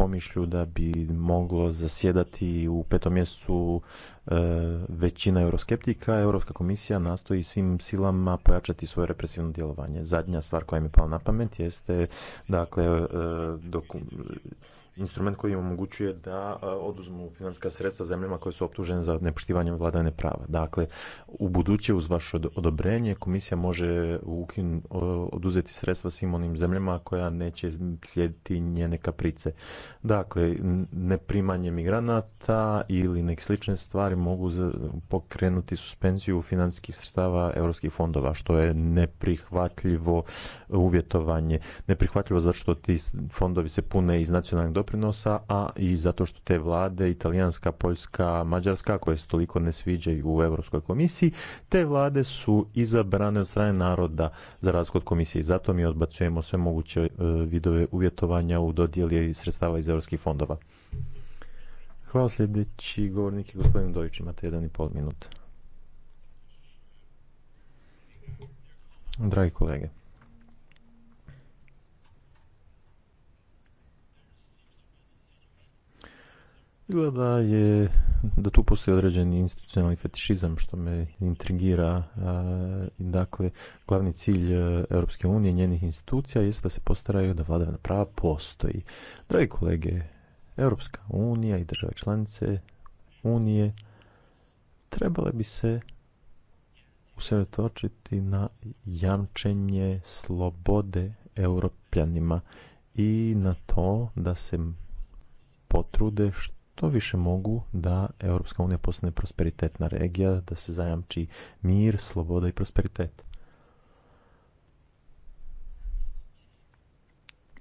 pomišlju da bi moglo zasjedati u petom mjesecu e, većina euroskeptika, Europska komisija nastoji svim silama pojačati svoje represivno djelovanje. Zadnja stvar koja mi je pala na pamet jeste dakle e, instrument koji im omogućuje da oduzmu financijska sredstva zemljama koje su optužene za nepoštivanje vladane prava. Dakle, u buduće uz vaše odobrenje komisija može oduzeti sredstva svim onim zemljama koja neće slijediti njene kaprice. Dakle, neprimanje migranata ili neke slične stvari mogu pokrenuti suspenziju financijskih sredstava europskih fondova, što je neprihvatljivo uvjetovanje. Neprihvatljivo zato što ti fondovi se pune iz nacionalnih doprinosa doprinosa, a i zato što te vlade, italijanska, poljska, mađarska, koje se toliko ne sviđaju u Europskoj komisiji, te vlade su izabrane od strane naroda za razgod komisije. Zato mi odbacujemo sve moguće e, vidove uvjetovanja u dodjeli sredstava iz europskih fondova. Hvala sljedeći govornik je gospodin Dojić, imate jedan i pol minut. Dragi kolege, Bilo da je da tu postoji određeni institucionalni fetišizam što me intrigira. Dakle, glavni cilj e, Europske unije i njenih institucija jest da se postaraju da vladavina prava postoji. Dragi kolege, Europska unija i države članice unije trebale bi se usredotočiti na jamčenje slobode europljanima i na to da se potrude što što više mogu da europska unija postane prosperitetna regija, da se zajamči mir, sloboda i prosperitet.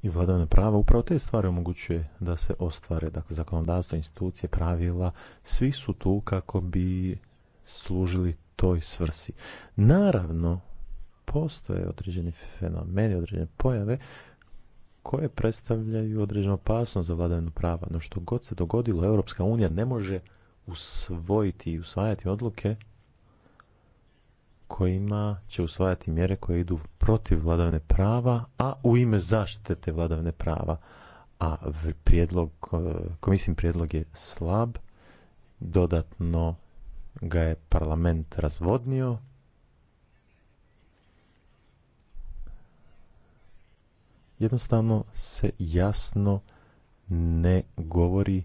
I vladavna prava upravo te stvari omogućuje da se ostvare. Dakle, zakonodavstvo, institucije, pravila, svi su tu kako bi služili toj svrsi. Naravno, postoje određeni fenomeni, određene pojave koje predstavljaju određenu opasnost za vladavinu prava, no što god se dogodilo, Europska unija ne može usvojiti i usvajati odluke kojima će usvajati mjere koje idu protiv vladavine prava, a u ime zaštite te vladavine prava. A prijedlog, e, komisijin prijedlog je slab, dodatno ga je parlament razvodnio jednostavno se jasno ne govori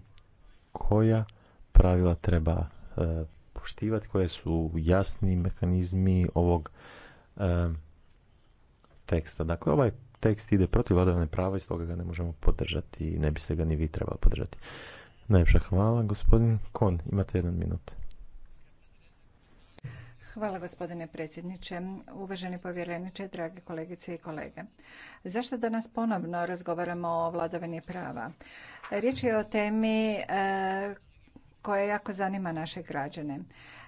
koja pravila treba e, poštivati, koje su jasni mehanizmi ovog e, teksta. Dakle, ovaj tekst ide protiv vladavne prava i stoga ga ne možemo podržati i ne biste ga ni vi trebali podržati. Najljepša hvala, gospodin Kon, imate jedan minut. Hvala gospodine predsjedniče, uvaženi povjereniče, dragi kolegice i kolege. Zašto danas ponovno razgovaramo o vladavini prava? Riječ je o temi e, koja jako zanima naše građane.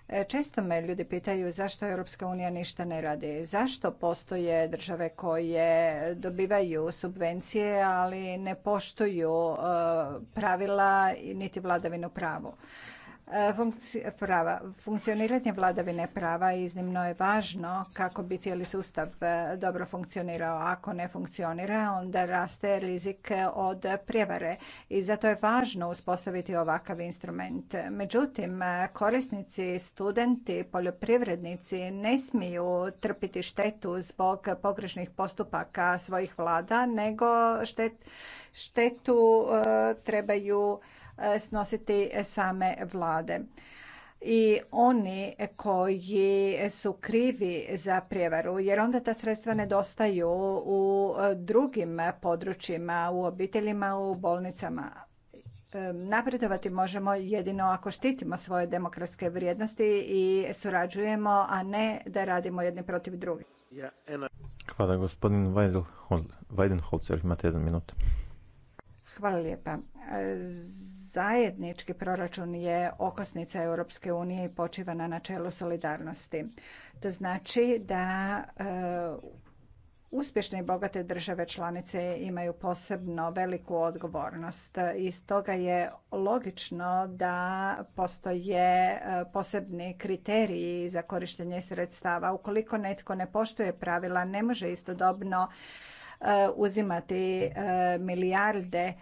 E, često me ljudi pitaju zašto Europska unija ništa ne radi, zašto postoje države koje dobivaju subvencije, ali ne poštuju e, pravila niti vladavinu pravu. E, prava. Funkcioniranje vladavine prava iznimno je važno kako bi cijeli sustav e, dobro funkcionirao. Ako ne funkcionira, onda raste rizik e, od prijevare i zato je važno uspostaviti ovakav instrument. Međutim, korisnici, studenti, poljoprivrednici ne smiju trpiti štetu zbog pogrešnih postupaka svojih vlada, nego štetu trebaju E, snositi same vlade i oni koji su krivi za prijevaru jer onda ta sredstva nedostaju u drugim područjima, u obiteljima, u bolnicama. E, napredovati možemo jedino ako štitimo svoje demokratske vrijednosti i surađujemo, a ne da radimo jedni protiv drugih. Hvala gospodin Weidenholzer, imate jedan minut. Hvala lijepa zajednički proračun je okosnica Europske unije i počiva na načelu solidarnosti. To znači da e, uspješne i bogate države članice imaju posebno veliku odgovornost i stoga je logično da postoje e, posebni kriteriji za korištenje sredstava. Ukoliko netko ne poštuje pravila, ne može istodobno e, uzimati milijarde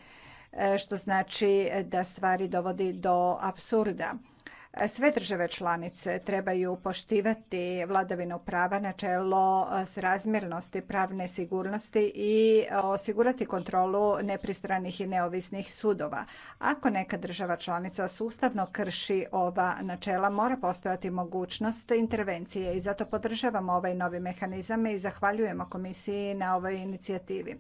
E, što znači da stvari dovodi do apsurda. Sve države članice trebaju poštivati vladavinu prava, načelo razmjernosti pravne sigurnosti i osigurati kontrolu nepristranih i neovisnih sudova. Ako neka država članica sustavno krši ova načela, mora postojati mogućnost intervencije i zato podržavamo ovaj novi mehanizam i zahvaljujemo komisiji na ovoj inicijativi.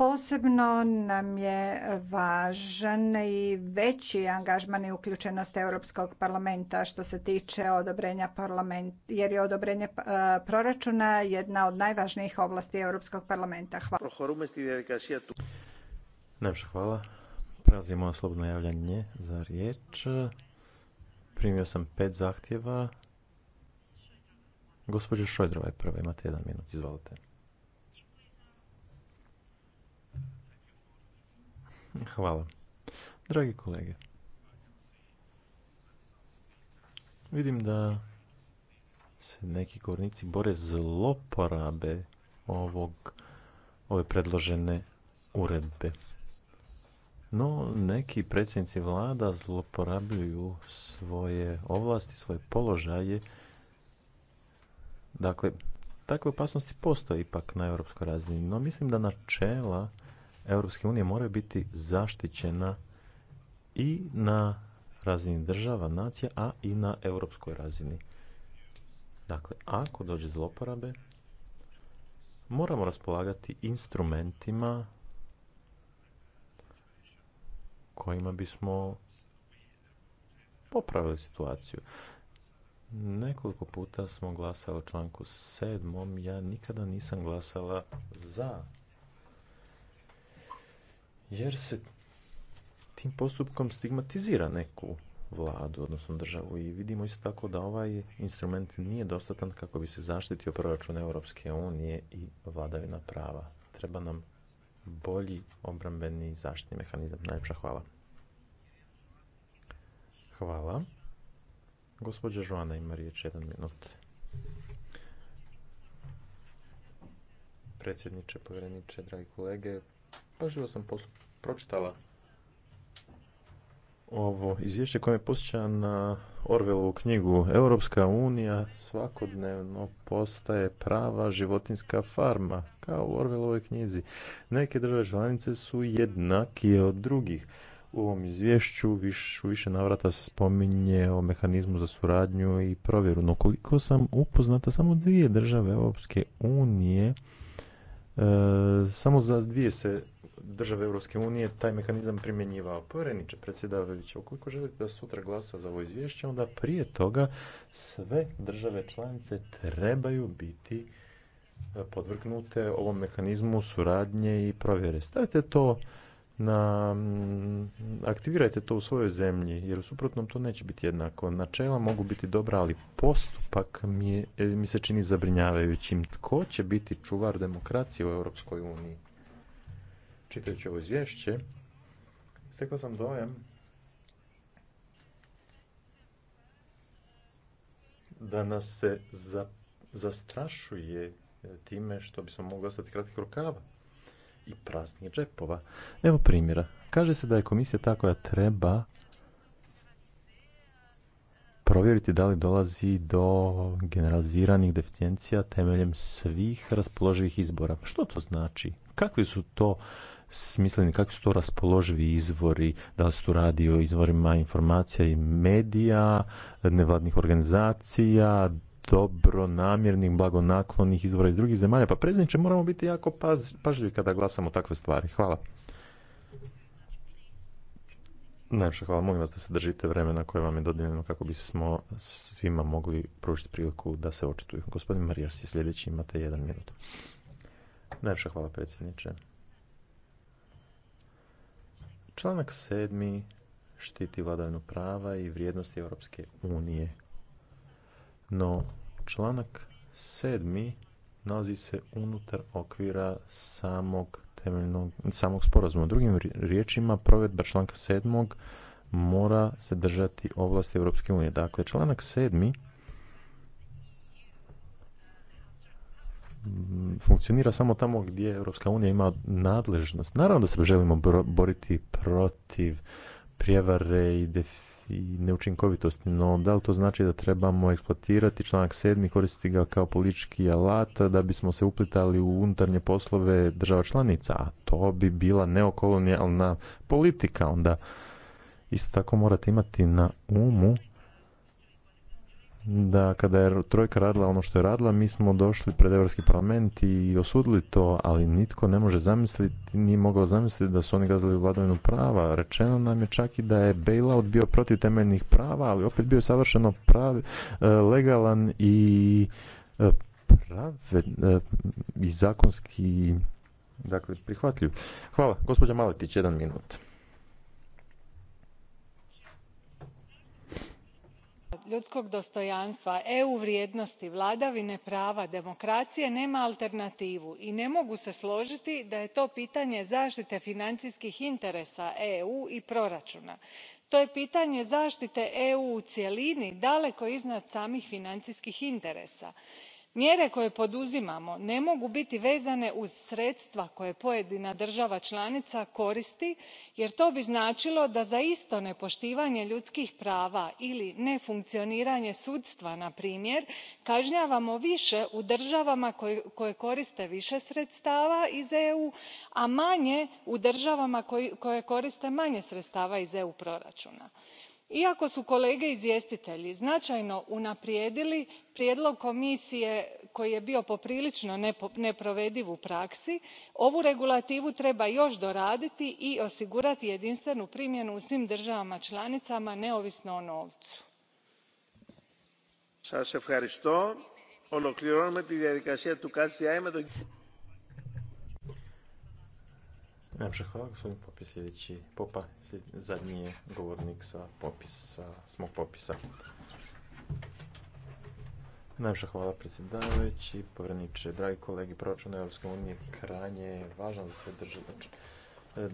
Posebno nam je važan i veći angažman i uključenost Europskog parlamenta što se tiče odobrenja parlamenta, jer je odobrenje eh, proračuna jedna od najvažnijih oblasti Europskog parlamenta. Hvala. Najpša hvala. Prelazimo na slobodno javljanje za riječ. Primio sam pet zahtjeva. Gospodin Šojdrova je prva, imate jedan minut, izvolite. Hvala. Dragi kolege, vidim da se neki govornici bore zloporabe ovog, ove predložene uredbe. No, neki predsjednici vlada zloporabljuju svoje ovlasti, svoje položaje. Dakle, takve opasnosti postoje ipak na europskoj razini, no mislim da načela Europske unije moraju biti zaštićena i na razini država, nacija, a i na europskoj razini. Dakle, ako dođe zloporabe, moramo raspolagati instrumentima kojima bismo popravili situaciju. Nekoliko puta smo glasali o članku sedmom, ja nikada nisam glasala za jer se tim postupkom stigmatizira neku vladu, odnosno državu. I vidimo isto tako da ovaj instrument nije dostatan kako bi se zaštitio proračun Europske unije i vladavina prava. Treba nam bolji obrambeni zaštitni mehanizam. Najljepša hvala. Hvala. Gospođa Žuana ima riječ jedan minut. Predsjedniče, povjereniče, dragi kolege, Pažljivo sam pročitala ovo izvješće koje me posjeća na Orvelovu knjigu. Europska unija svakodnevno postaje prava životinska farma, kao u Orvelovoj knjizi. Neke države članice su jednakije od drugih. U ovom izvješću viš, više navrata se spominje o mehanizmu za suradnju i provjeru. No koliko sam upoznata, samo dvije države Europske unije e, samo za dvije se države Europske unije taj mehanizam primjenjivao. Povjereniče predsjedavajući, ukoliko želite da sutra glasa za ovo izvješće, onda prije toga sve države članice trebaju biti e, podvrgnute ovom mehanizmu suradnje i provjere. Stavite to na aktivirajte to u svojoj zemlji jer u suprotnom to neće biti jednako načela mogu biti dobra ali postupak mi, e, mi se čini zabrinjavajućim tko će biti čuvar demokracije u europskoj uniji čitajući ovo izvješće, stekao sam dojam da nas se zastrašuje time što bismo mogli ostati kratkih rukava i praznih džepova. Evo primjera. Kaže se da je komisija ta koja treba provjeriti da li dolazi do generaliziranih deficijencija temeljem svih raspoloživih izbora. Što to znači? Kakvi su to smisleni, kakvi su to raspoloživi izvori, da li se tu radi o izvorima informacija i medija, nevladnih organizacija, dobro namjernih, blagonaklonih izvora iz drugih zemalja. Pa predsjedniče, moramo biti jako pažljivi kada glasamo takve stvari. Hvala. Najviše hvala. Molim vas da se držite vremena koje vam je dodijeljeno kako bismo svima mogli pružiti priliku da se očituju. Gospodin Marijas sljedeći, imate jedan minut. Najviše hvala predsjedniče. Članak sedmi štiti vladavinu prava i vrijednosti Europske unije. No, članak sedmi nalazi se unutar okvira samog temeljnog, samog sporazuma. Drugim riječima, provedba članka sedam mora se držati ovlasti Europske unije. Dakle, članak sedmi funkcionira samo tamo gdje Europska unija ima nadležnost. Naravno da se želimo boriti protiv prijevare i, neučinkovitosti, no da li to znači da trebamo eksploatirati članak 7. koristiti ga kao politički alat da bismo se uplitali u unutarnje poslove država članica, a to bi bila neokolonijalna politika, onda isto tako morate imati na umu da kada je trojka radila ono što je radila, mi smo došli pred Evropski parlament i osudili to, ali nitko ne može zamisliti, nije mogao zamisliti da su oni gazili vladavinu prava. Rečeno nam je čak i da je bailout bio protiv temeljnih prava, ali opet bio savršeno e, legalan i e, prave, e, i zakonski dakle, prihvatljiv. Hvala. Gospođa Maletić, jedan minut. ljudskog dostojanstva eu vrijednosti vladavine prava demokracije nema alternativu i ne mogu se složiti da je to pitanje zaštite financijskih interesa eu i proračuna. to je pitanje zaštite eu u cjelini daleko iznad samih financijskih interesa mjere koje poduzimamo ne mogu biti vezane uz sredstva koje pojedina država članica koristi jer to bi značilo da za isto nepoštivanje ljudskih prava ili nefunkcioniranje sudstva na primjer kažnjavamo više u državama koje koriste više sredstava iz eu a manje u državama koje koriste manje sredstava iz eu proračuna iako su kolege izvjestitelji značajno unaprijedili prijedlog komisije koji je bio poprilično neprovediv u praksi ovu regulativu treba još doraditi i osigurati jedinstvenu primjenu u svim državama članicama neovisno o novcu. Najpša hvala, gospodin Popis, sljedeći popa, zadnji je govornik sa popisa, s popisa. Najpša hvala predsjedavajući, povjereniče, dragi kolegi, proračun Europske unije krajnje je važan za sve države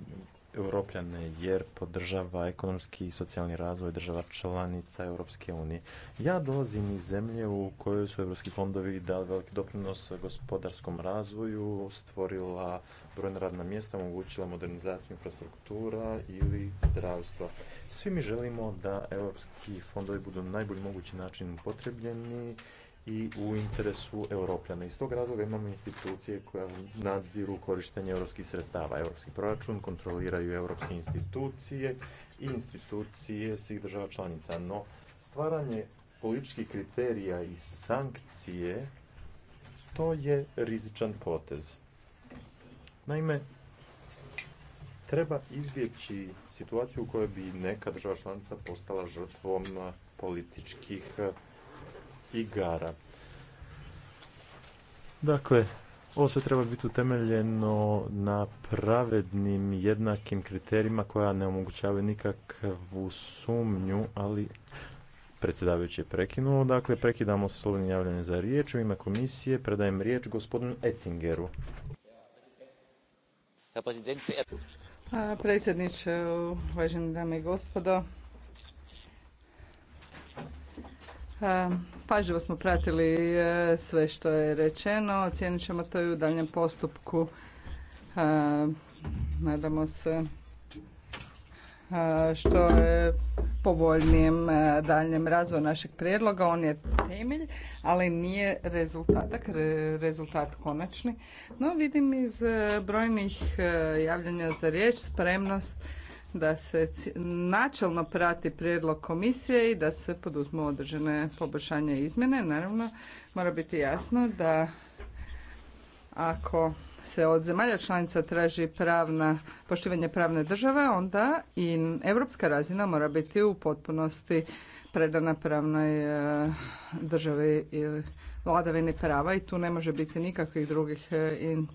europljane jer podržava ekonomski i socijalni razvoj država članica Europske unije. Ja dolazim iz zemlje u kojoj su europski fondovi dali veliki doprinos gospodarskom razvoju, stvorila brojna radna mjesta, omogućila modernizaciju infrastruktura ili zdravstva. Svi mi želimo da europski fondovi budu na najbolji mogući način upotrebljeni i u interesu europljana. Iz tog razloga imamo institucije koje nadziru korištenje europskih sredstava. Europski proračun kontroliraju europske institucije i institucije svih država članica. No, stvaranje političkih kriterija i sankcije to je rizičan potez. Naime, treba izbjeći situaciju u kojoj bi neka država članica postala žrtvom političkih igara. Dakle, ovo se treba biti utemeljeno na pravednim, jednakim kriterijima koja ne omogućavaju nikakvu sumnju, ali predsjedavajući je prekinuo. Dakle, prekidamo se slobodnim javljanjem za riječ. U ime komisije predajem riječ gospodinu Ettingeru. Predsjedniče, uvaženi dame i gospodo, Pažljivo smo pratili e, sve što je rečeno, ocijenit ćemo to i u daljem postupku. Nadamo se e, što je povoljnijem e, daljem razvoju našeg prijedloga. On je temelj, ali nije rezultatak, rezultat konačni. No vidim iz brojnih javljanja za riječ spremnost da se načelno prati prijedlog komisije i da se poduzmu određene poboljšanje i izmjene. Naravno, mora biti jasno da ako se od zemalja članica traži pravna, poštivanje pravne države, onda i europska razina mora biti u potpunosti predana pravnoj e, državi ili vladavini prava i tu ne može biti nikakvih drugih e, in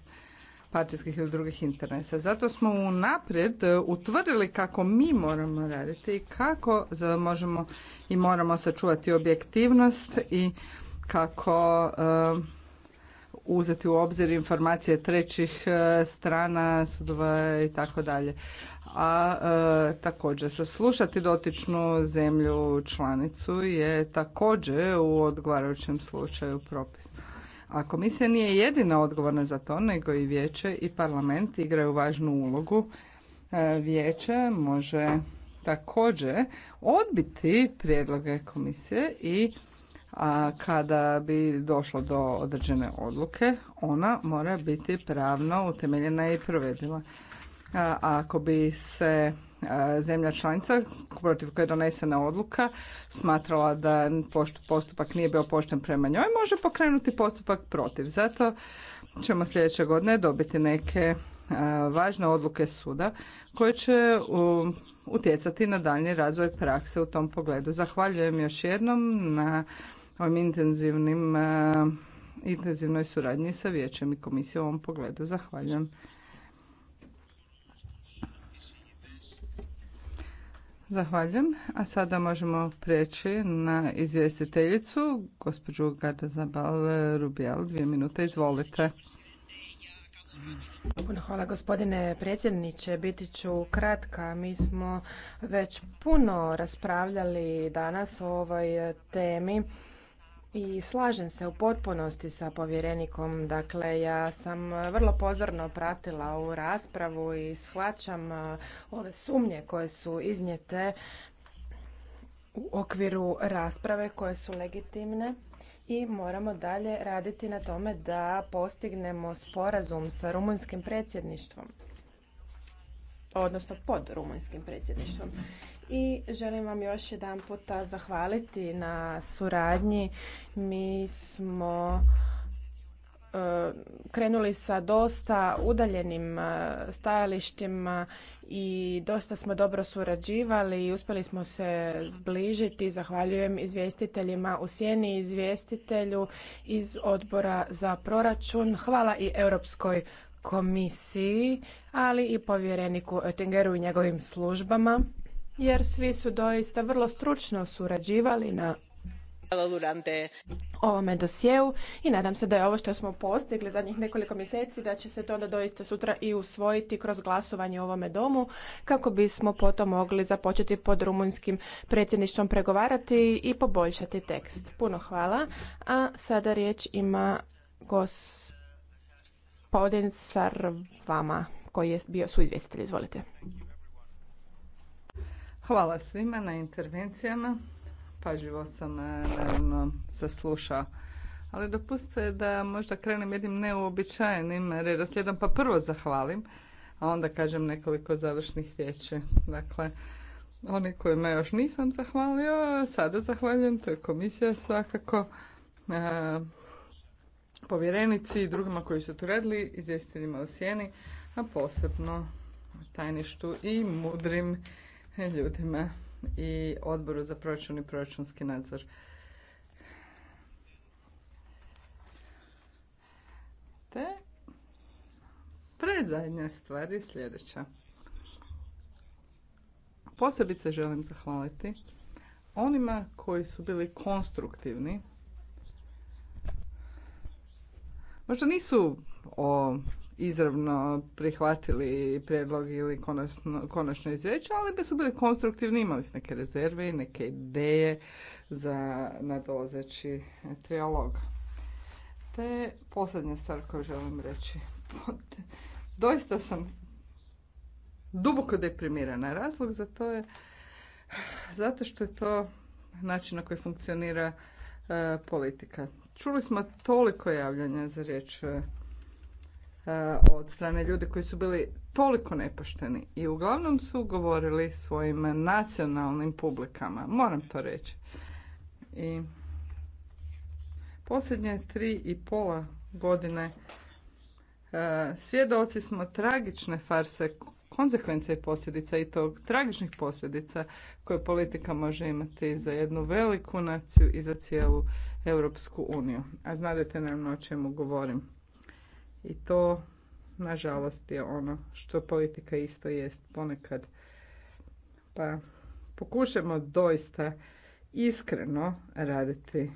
partijskih ili drugih interesa. Zato smo unaprijed e, utvrdili kako mi moramo raditi i kako možemo i moramo sačuvati objektivnost i kako e, uzeti u obzir informacije trećih e, strana, sudova i tako dalje. A također saslušati dotičnu zemlju članicu je također u odgovarajućem slučaju propis. A komisija nije jedina odgovorna za to, nego i vijeće i parlament igraju važnu ulogu. E, vijeće može također odbiti prijedloge komisije i a kada bi došlo do određene odluke, ona mora biti pravno utemeljena i provediva. A ako bi se zemlja članica protiv koje je donesena odluka smatrala da postupak nije bio pošten prema njoj, može pokrenuti postupak protiv. Zato ćemo sljedeće godine dobiti neke važne odluke suda koje će utjecati na daljnji razvoj prakse u tom pogledu. Zahvaljujem još jednom na ovim intenzivnim intenzivnoj suradnji sa vijećem i komisijom u ovom pogledu. Zahvaljujem. Zahvaljujem. A sada možemo preći na izvjestiteljicu, gospođu Garda Zabal Rubijal. Dvije minute, izvolite. Puno hvala gospodine predsjedniče. Biti ću kratka. Mi smo već puno raspravljali danas o ovoj temi i slažem se u potpunosti sa povjerenikom. Dakle, ja sam vrlo pozorno pratila ovu raspravu i shvaćam ove sumnje koje su iznijete u okviru rasprave koje su legitimne i moramo dalje raditi na tome da postignemo sporazum sa rumunjskim predsjedništvom odnosno pod rumunjskim predsjedništvom i želim vam još jedan puta zahvaliti na suradnji. Mi smo e, krenuli sa dosta udaljenim e, stajalištima i dosta smo dobro surađivali i uspjeli smo se zbližiti. Zahvaljujem izvjestiteljima u sjeni, izvjestitelju iz odbora za proračun. Hvala i Europskoj komisiji, ali i povjereniku Oettingeru i njegovim službama jer svi su doista vrlo stručno surađivali na ovome dosjeu i nadam se da je ovo što smo postigli zadnjih nekoliko mjeseci da će se to onda doista sutra i usvojiti kroz glasovanje u ovome domu kako bismo potom mogli započeti pod rumunjskim predsjedništvom pregovarati i poboljšati tekst. Puno hvala. A sada riječ ima gospodin Sarvama koji je bio suizvjestitelj. Izvolite. Hvala svima na intervencijama. Pažljivo sam e, naravno saslušao. Ali dopustite da možda krenem jednim neuobičajenim redoslijedom, pa prvo zahvalim, a onda kažem nekoliko završnih riječi. Dakle, oni kojima još nisam zahvalio, sada zahvaljujem, to je komisija svakako, e, povjerenici i drugima koji su tu radili, izvjestiteljima u sjeni, a posebno tajništu i mudrim ljudima i odboru za proračun i proračunski nadzor. Te predzadnja stvar je sljedeća. Posebice želim zahvaliti onima koji su bili konstruktivni. Možda nisu o izravno prihvatili prijedlog ili konačno, konačno izreći, ali bi su bili konstruktivni, imali su neke rezerve i neke ideje za nadolazeći trijalog. Te posljednja stvar koju želim reći. Doista sam duboko deprimirana. Razlog za to je zato što je to način na koji funkcionira e, politika. Čuli smo toliko javljanja za riječ e, Eh, od strane ljudi koji su bili toliko nepošteni i uglavnom su govorili svojim nacionalnim publikama, moram to reći. I posljednje tri i pola godine eh, svjedoci smo tragične farse konsekvence i posljedica i tog tragičnih posljedica koje politika može imati za jednu veliku naciju i za cijelu Europsku uniju. A znadete nam o čemu govorim. I to, nažalost, je ono što politika isto jest ponekad. Pa pokušamo doista iskreno raditi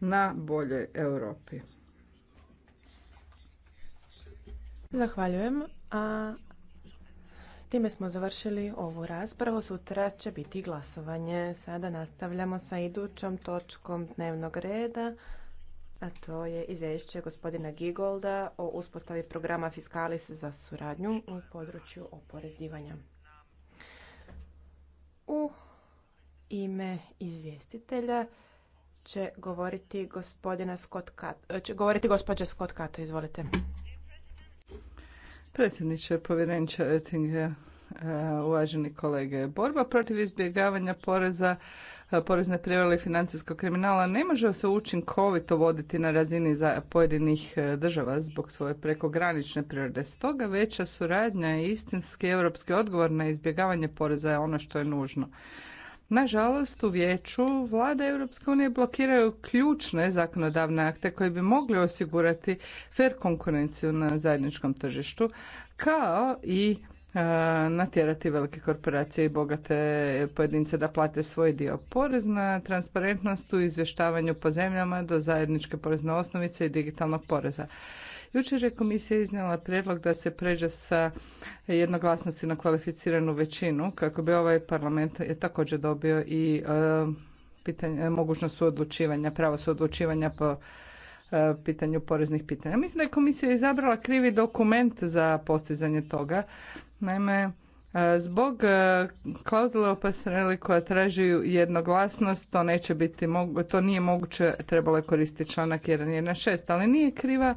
na boljoj Europi. Zahvaljujem. A time smo završili ovu raspravu. Sutra će biti glasovanje. Sada nastavljamo sa idućom točkom dnevnog reda a to je izvješće gospodina Gigolda o uspostavi programa Fiskalis za suradnju u području oporezivanja. U ime izvjestitelja će govoriti gospodina Scott e, će govoriti gospođa Scott Kato, izvolite. Predsjedniče povjerenča Oettinger, e, uvaženi kolege, borba protiv izbjegavanja poreza E, porezne prijevare i financijskog kriminala ne može se učinkovito voditi na razini za pojedinih e, država zbog svoje prekogranične prirode. Stoga veća suradnja i istinski europski odgovor na izbjegavanje poreza je ono što je nužno. Nažalost, u vijeću vlade EU blokiraju ključne zakonodavne akte koji bi mogli osigurati fer konkurenciju na zajedničkom tržištu, kao i E, natjerati velike korporacije i bogate pojedince da plate svoj dio. Porez na transparentnost u izvještavanju po zemljama do zajedničke porezne osnovice i digitalnog poreza. Jučer je komisija iznijela prijedlog da se pređe sa jednoglasnosti na kvalificiranu većinu kako bi ovaj parlament je također dobio i e, pitanje, mogućnost suodlučivanja, pravo suodlučivanja po e, pitanju poreznih pitanja. Mislim da je komisija izabrala krivi dokument za postizanje toga Naime, e, Zbog e, klauzule o koja traži jednoglasnost, to neće biti to nije moguće, trebalo je koristiti članak 1.1.6, ali nije kriva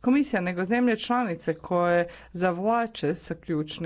komisija, nego zemlje članice koje zavlače sa ključnim